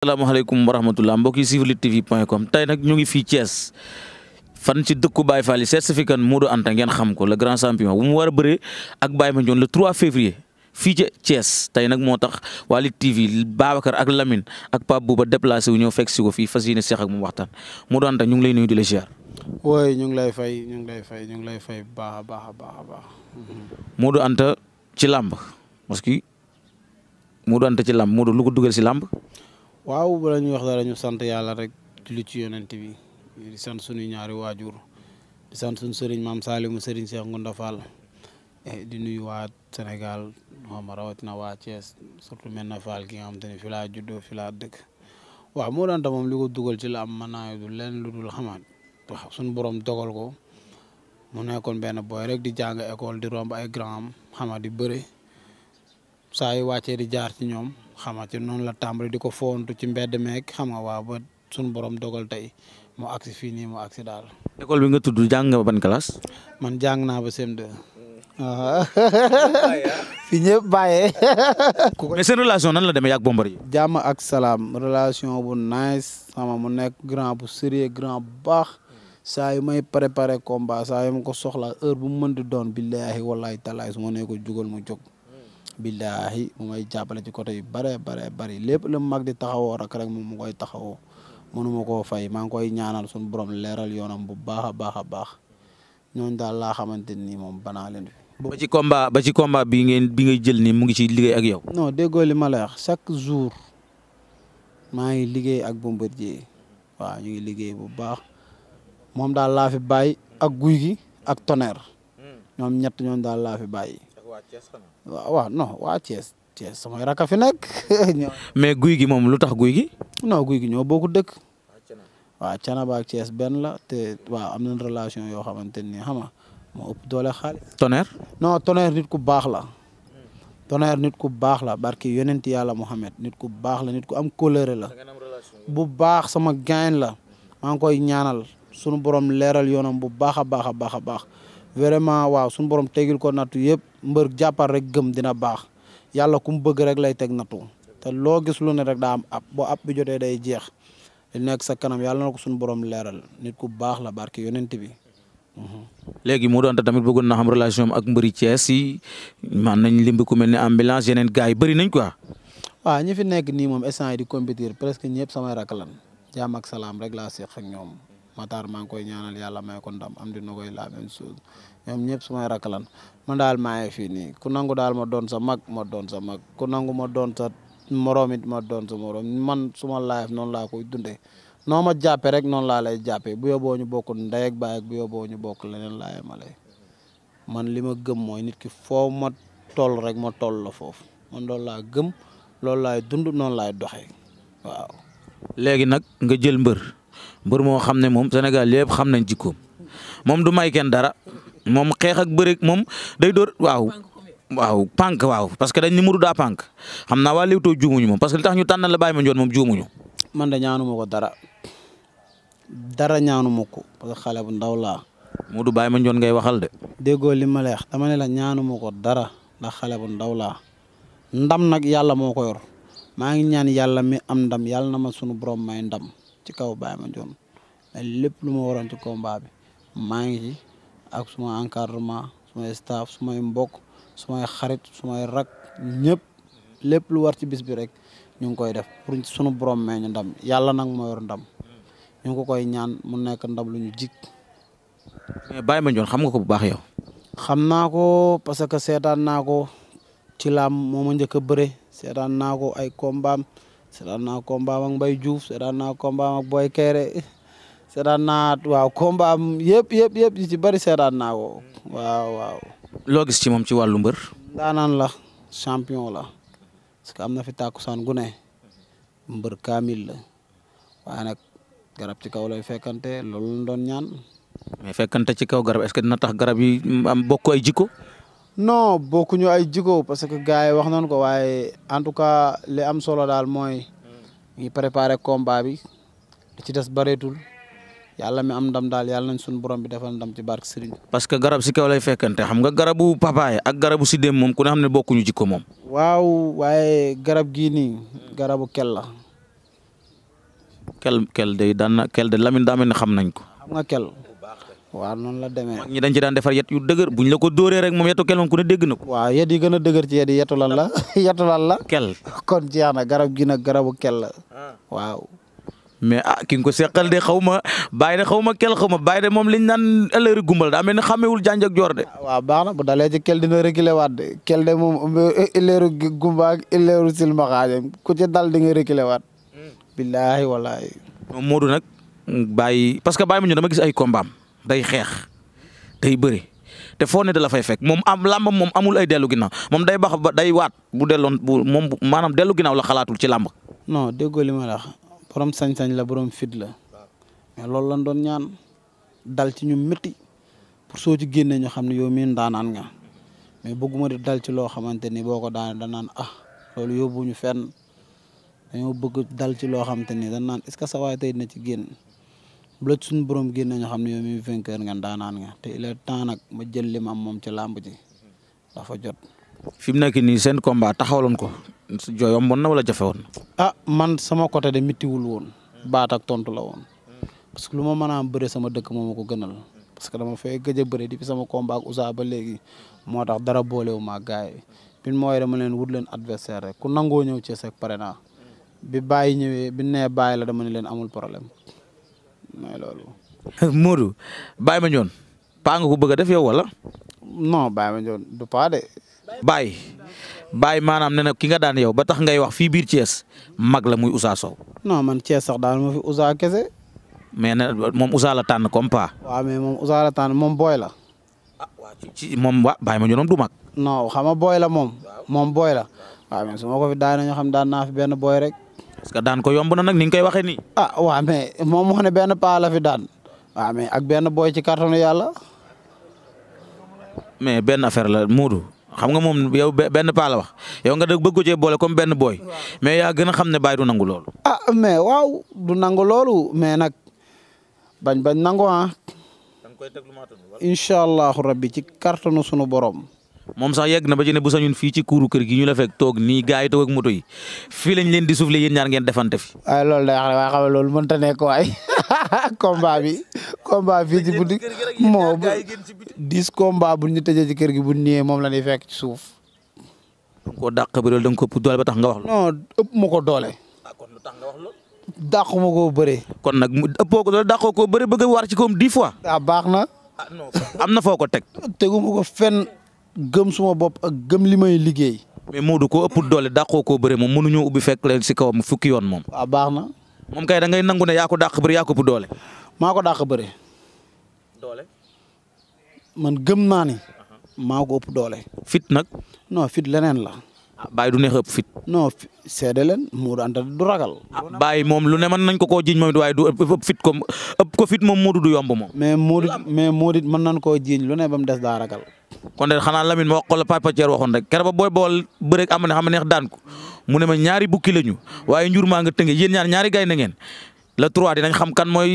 asalaamaaleykum wa rahmatulah mbokk yi suivre Lutte TV point com tey nag ñu ngi fii Thiès fan ci dëkk Baye Fall yi certificat Modou Anta ngeen xam ko le grand champion bu mu war a bëree ak Baye Mandione le 3 fii ca Thiès tey nag moo tax waa Lutte TV Babacar ak ak Pape Bouba déplacé wu ñëw fekk si ko fii fas yéene seex ak moom waxtaan Modou Anta ñu ngi lay nuyu di la ziar. wooy ñu ngi lay fay ñu ngi lay fay ñu ngi lay fay bu baax a a baax a baax. Modou Anta ci làmb parce que Modou Anta ci làmb Modou lu ko dugal ci làmb. waaw bala ñuy wax dara ñu sant yàlla rek julli ci yonent bi di sant suñu ñaari waajur di sant suñu sëriñ maam Salimu sëriñ Cheikh Ngounda Fall eh, di nuyu waat Sénégal xam nga rawatina waa Thiès surtout mel na Fall gi nga xam te ne fi laa juddoo fi laa dëkk waaw moo daan moom li ko dugal ci la am mën naa du leen lu dul xamaat waaw suñu borom dogal ko na nekkoon benn booy rek di jàng école di romb ay grand am xama di bëre. saa yu wàccee di jaar ci ñoom xama ci noonu la tàmbali di ko foontu ci mbedd meeg xam nga waa ba suñu boroom dogal tey mu agsi fii nii mu agsi daal. école bi nga tudd jàng nga ban classe. man jàng naa ba CM2. Hmm. fi ñëpp bàyyee. seen relation nan la demee bombar yi jàmm ak salaam relation bu nice xam mu nekk grand bu sérieux grand bu baax saa yu may préparé combat saa yu ma ko soxla heure bu mu mën di doon billaahi wallaahi talaay su ma nee ko jugal mu jóg. billaahi mu ngay jàppale ci côté bare bare bari lépp mu mag di taxawoo rek rek moom mu koy taxawoo mënuma koo fay maa ngi koy ñaanal suñu borom leeral yoonam bu baax a baax a baax ñooñ daal laa xamante ni moom banaa leen fi ba ci combat ba ci combat bi ngeen bi ngay jël ni mu ngi ci liggéey ak yow non déggoo li ma la wax chaque jour maa ngi liggéey ak Bombardier waaw ñu ngi liggéey bu baax moom daal laafi fi ak guy gi ak tonnerre hmm. ñoom ñett ñoom daal laa fi waaw waaw non waa Thiès Thiès sama raka fi mais guy gi moom lu tax guy gi. non guy gi ñoo bokku dëkk. waaw Canaba ak Thiès benn la te waaw am na relation yoo xamante ni xam nga moo ëpp doole xaalis. tonnerre. non tonnerre nit ku baax la. Hmm. tonnerre nit ku baax la barki yonent yàlla Mouhamed nit ku baax la nit ku am colère la. bu baax sama gain la. maa ngi koy ñaanal sunu borom leeral yoonam bu baax a baax a baax a baax. vraiment waaw suñu borom tegil ko nattu yëpp mbër jàppal rek gëm dina baax yàlla ku mu bëgg rek lay teg nattu te loo gis lu ne rek daa am ab boo ab bi jotee day jeex li nekk sa kanam yàlla na ko suñu borom leeral nit ku baax la barke yonent bi. Mhm. léegi mu doon tamit bëggoon na xam relation ak mbëri Thiès yi man nañ limbi ku mel ne ambulance yeneen gars yi bëri nañ quoi. waaw ñi fi nekk nii moom instant yi di compétir presque ñëpp samay rakk lan jaam ak salaam rek laa seq ak ñoom. Matar maa ngi koy ñaanal yàlla may ko ndam am di na koy la même chose ñoom ñëpp sumay rakkalan daal maa ngi fii ku nangu daal ma doon sa mag ma doon sa mag ku nangu ma doon sa moroom it ma doon sa moroom man suma life noonu laa koy dundee noo ma jàppee rek noonu laa lay jàppee bu yóbboo ñu bokk ndey ak baay ak bu yóbboo ñu bokk leneen laa yemale man li ma gëm mooy nit ki foo ma toll rek ma tol la foofu man loolu laa gëm loolu laay dund noon laay doxee mbër moo xam ne moom Sénégal lépp xam nañ jikkoom moom du may kenn dara moom xeex ak bëre moom day door waaw. waaw pànk waaw parce que dañ ni muru daa pànk xam na waa Leewtoo juumuñu moom parce que tax ñu tànnal la baay ma njoon moom juumuñu. man ñaanu ñaanuma ko dara dara ñaanuma ko parce que ndaw laa. mu du bàyyi ma njoon ngay waxal de. déggoo li ma leex dama ne la ñaanuma ko dara ndax xale bu ndaw laa ndam nag yàlla moo ko yor maa ngi ñaan yàlla mi am ndam yàlla na ma sunu borom may ndam ci kaw Baye Mandione mais lépp lu ma waroon ci combat bi maa ngi ci ak suma encadrement sumay staff sumay mbokk sumay xarit sumay rak ñëpp lépp lu war ci bis bi rek ñu ngi koy def pour sunu borom mee ñu ndam yàlla nag moo ndam ñu ko koy ñaan mu nekk ndam lu ñu jik mais Baye Mandione xam nga ko bu baax yow. xam naa ko parce que seetaan naa ko ci laam moo njëkk a bëre seetaan naa ko ay kombaam seetaan naa combat ak Mbaye Diouf seetaan naa combat ak Boy Kéré seetaan naa waaw combat am yëpp yëpp ci bëri seetaan naa ko waaw waaw. ci moom ci wàllu mbër. daanaan la champion la parce que am na fi tàkkusaan gu ne mbër kaamil la waaye nag garab ci kaw lay fekkante loolu la doon ñaan. mais fekkante ci kaw garab est-ce que dina tax garab yi am bokk ay jikko. non bokkuñu ay jikko parce que gars yi wax nañ ko waaye en tout cas le am solo daal mooy ñu préparé combat bi li ci des bareetul yàlla mi am ndam daal yàlla nañ suñu borom bi defal ndam ci barke Serigne. parce que garab si kaw lay fekkante xam nga garabu papaay ak garabu si dem moom ku ne xam ne bokkuñu jikko moom. waaw waaye garab gii nii garabu kel la. kel kel de daan na Lamine daa mel ne xam nañ ko. xam nga kell waaw noonu la demee mag ñi dañ ci daan defar yet yu dëgër buñ la ko dóoree rek moom yetu kel moom ku ne dégg na ko waaw yet yi gën a dëgër ci yet yi yetu lan la yetu la kel kon ci yaana garab gi nag garabu kel la ah. waaw mais ah ki nga ko seqal de xaw ma bàyyi de xaw ma kel xaw ma bàyyi de moom liñ naan ëllëri gumbal daa mel ni xàmmewul janj ak joor de ah, waaw baax na bu kel dina reculer waat de kel de moom um, e, ëllëru gumba ak ëllëru silmaxaajam ku ci dal di nga reculer waat hmm. billaahi walaahi nag bàyyi parce que bàyyi ma ñu dama gis ay kombaam day xeex day bëri te foo ne da la fay fekk moom am làmbam moom amul ay dellu ginnaaw moom day bax ba day waat bu delloon bu moom maanaam dellu gi ginnaaw la xalaatul ci làmb. non déggoo li ma la wax sañ-sañ la borom fit la mais loolu lañ doon ñaan dal ci ñu métti pour soo ci génnee ñu xam ne yow mii ndaanaan nga mais bëgguma di dal ci loo xamante ni boo ko daanee danaan ah loolu yóbbuñu fenn dañoo bëgg dal ci loo xamante ni danaan est-ce que sa waay tey na ci génn. bu la suñu borom génne ñu xam ne yow mii vainqueur nga ndaanaan te il est nag ma jël li ma am moom ca làmb ji dafa jot. fi mu nekk nii seen combat taxawaloon ko yomboon na wala jafe woon. ah man sama côté de mitiwul woon baat ak tontu la woon parce que lu ma mën a sama dëkk moo ma ko gënal parce que dama fay gëj a bëre di fi sama combat ak Ousa ba léegi moo tax dara boolewu ma gaay bi mooy dama leen wut leen adversaire rek ku nangoo ñëw ci sek pare naa bi bàyyi ñëwee bi nee bàyyi la dama ne leen amul problème. mooy baay Modou Baye Mandione nga ko bëgg a def yow wala. non Baye Mandione du paa de. Baye Baye maanaam ne na ki nga daan yow ba tax ngay wax fii biir Thiès mag la muy Ousa Sow. no man Thiès sax daal ma fi Ousa kese. mais na moom Ousa la tànn comme paa. waaw mais moom Ousa la tànn moom booy la. ah waa ci moom waa Baye Mandione du mag. no xam nga booy la moom. moom booy la. waaw mais su ma ko fi daan xam daan naa fi benn booy rek. parce que daan ko yomb na nag ni nga koy waxee nii. ah waa mais moom moo ne benn paa la fi daan waaw ah, mais ak benn booy ci carton yàlla. mais benn affaire la Moodu xam nga moom yow benn paa la wax yow nga dëgg bëgg ko boole comme benn booy mais yaa gën a xam ne Baye du nangu loolu. ah mais waaw du nangu loolu mais nag bañ bañ nangu ah. incha allahu rabbi ci carton sunu borom. moom sax yegg na ba ci ne bu sañun fii ci kuuru kër gi ñu la fekk toog nii gars yi toog ak moto yi fii lañ leen di soufflé ñaar ngeen defante fi. waaye loolu day wax waaye xam nga loolu mënut bi combat fii ci guddi moo dix combat bu ñu tëjee ci kër gi bu ñëwee moom la ñuy fekk ci suuf. da nga koo dàq bi da nga ko ëpp doole ba tax nga wax loolu. non ëpp ma ko doole. Ah, kon lu tax nga wax loolu. dàq ma koo bëree. kon nag mu ëppoo ko doole dàqoo koo bëree bëgg a war ci koom dix fois. ah baax na. Ah, am na foo ko teg. tegu ma ko fenn. gëm suma bopp ak gëm li may liggéey. mais Modou ko ëpp doole dàqoo ko bëre moom mënuñoo ubbi fekk leen si kawam fukki yoon moom. waaw baax na. moom kay danga ngay nangu ne yaa ko dàq bëre yaa doole. maa ko dàq bëre. doole. man gëm naa ni. maa doole. fit nag. non fit leneen la. ah du neex ëpp fit. non seede leen Modou Anta du ragal. ah Baye moom lu ne man nañ ko koo jiñ moom it fit ko ko fit moom Modou yomb moom. mais Modou mais Modou it mën nañ koo jiñ lu ne ba mu des daa ragal. kon de xanaa Lamine ma wax a la Papa Thier waxoon rek keroog ba booy bool bëreeg am na xam neex daan ko mu ma ñaari bukki lañu waaye njur maa nga tënge yéen ñaar ñaari gaynde ngeen le 3 dinañ xam kan mooy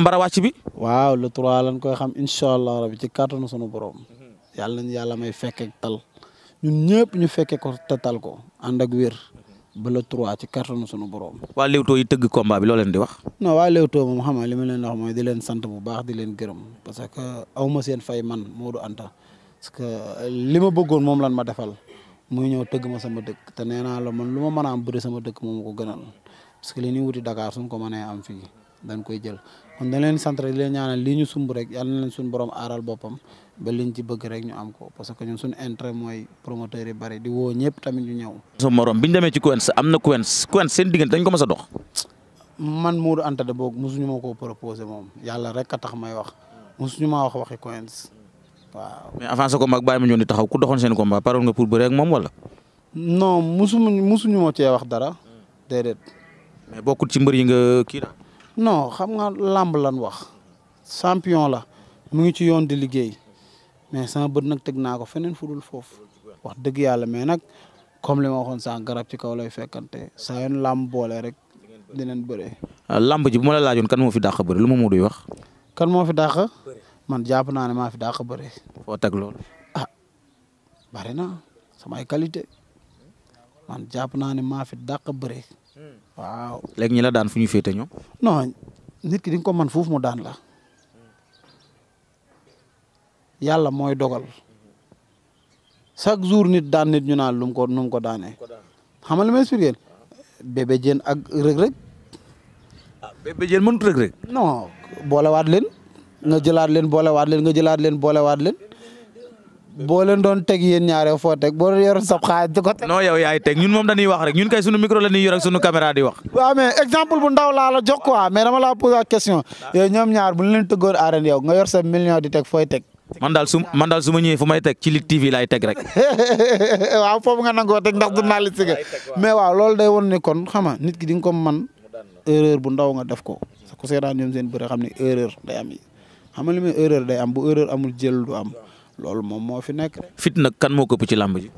mbara wàcc bi. waaw le trois lañ koy xam incha allah rabi ci kàttanu sunu borom. yàlla nañu yàlla may fekkee tal ñun ñëpp ñu fekkee ko te tal ko ànd ak wér ba le 3 ci kàttanu sunu borom. waa Leewtoo yi tëgg combat bi loo leen di wax. non waa Leewtoo moom xam nga li ma leen wax mooy di leen sant bu baax di leen gërëm parce que aw ma seen fay man Modou Anta. parce que li ma bëggoon moom lan ma defal muy ñëw tëgg ma sama dëkk te nee naa man lu ma mën a am bëri sama dëkk moom ko gënal parce que li ñuy wuti Dakar suñ ko mënee am fii dañ koy jël kon dañ leen sant rek leen ñaanal ñu sumb rek yàlla na leen suñu borom aaral boppam ba bëgg rek ñu am ko parce que ñun suñu intérêt mooy promoteur yi bari di woo ñëpp tamit ñu ñëw. sa morom bi ñu demee ci Quench am na Quench Quench seen diggante dañ ko mës a dox. man Modou Anta de boog mosuñu moom yàlla rek a tax may wax mosuñu maa wax waxi Quench waaw mais avant ko combat ak Baye Mandione di taxaw ku doxoon seen combat paroon nga pour bëre ak moom wala. non musuma musuñu moo cee wax dara. déedéet. mais bokkut ci mbër yi nga kii daal. non xam nga làmb lan wax. champion la mu ngi ci yoon di liggéey mais sama bët nag teg naa ko feneen fu dul foofu wax dëgg yàlla mais nag comme li ma waxoon sànq garab ci kaw lay fekkante saa yoon làmb boole rek dinañ bëre. Ah, làmb ji bu ma la laajoon kan moo fi dàq bëri lu ma Modou wax. kan moo man jàpp naa ne maa fi dàq bëre. foo loolu. ah bari na samay qualité man jàpp naa ne maa fi dàq bëre. waaw léegi ñi daan fu ñu féete ñoom. non nit ki ko man foofu mu daan la. yàlla mooy dogal chaque jour nit daan nit ñu naan ko nu ko daanee xam nga li may ak rëg-rëg. ah bébé jën mënut rëg-rëg. nga jëlaat leen boolewaat leen nga jëlaat leen boolewaat leen boo leen doon teg yéen ñaare foo teg boo doon yoroon sab xaalis di ko yow yaay teg ñun moom dañuy wax rek ñun kay sunu micro la ñuy yor sunu caméra di wax. waaw mais exemple bu ndaw laa la jox quoi mais dama laa posé question yow ñoom ñaar bu ñu leen tëggoon arène yow nga teg fooy teg. man daal su man daal su fu may teg ci Lutte TV laay teg rek. waaw foofu nga nangoo teg ndax journaliste nga mais waaw loolu day won ni kon xama nit ki di nga ko man erreur bu ndaw nga def ko. parce que ku seetaan ñoom seen bëre xam ne erreur am yi xam nga li muy erreur day am bu erreur amul jël du am loolu moom moo fi nekk. fit nag kan moo këpp ci làmb ji.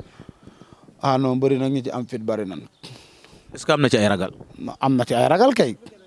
ah non bëri nag ñi ci am fit bëri nan est am na ci ay ragal. am na ci ay ragal kay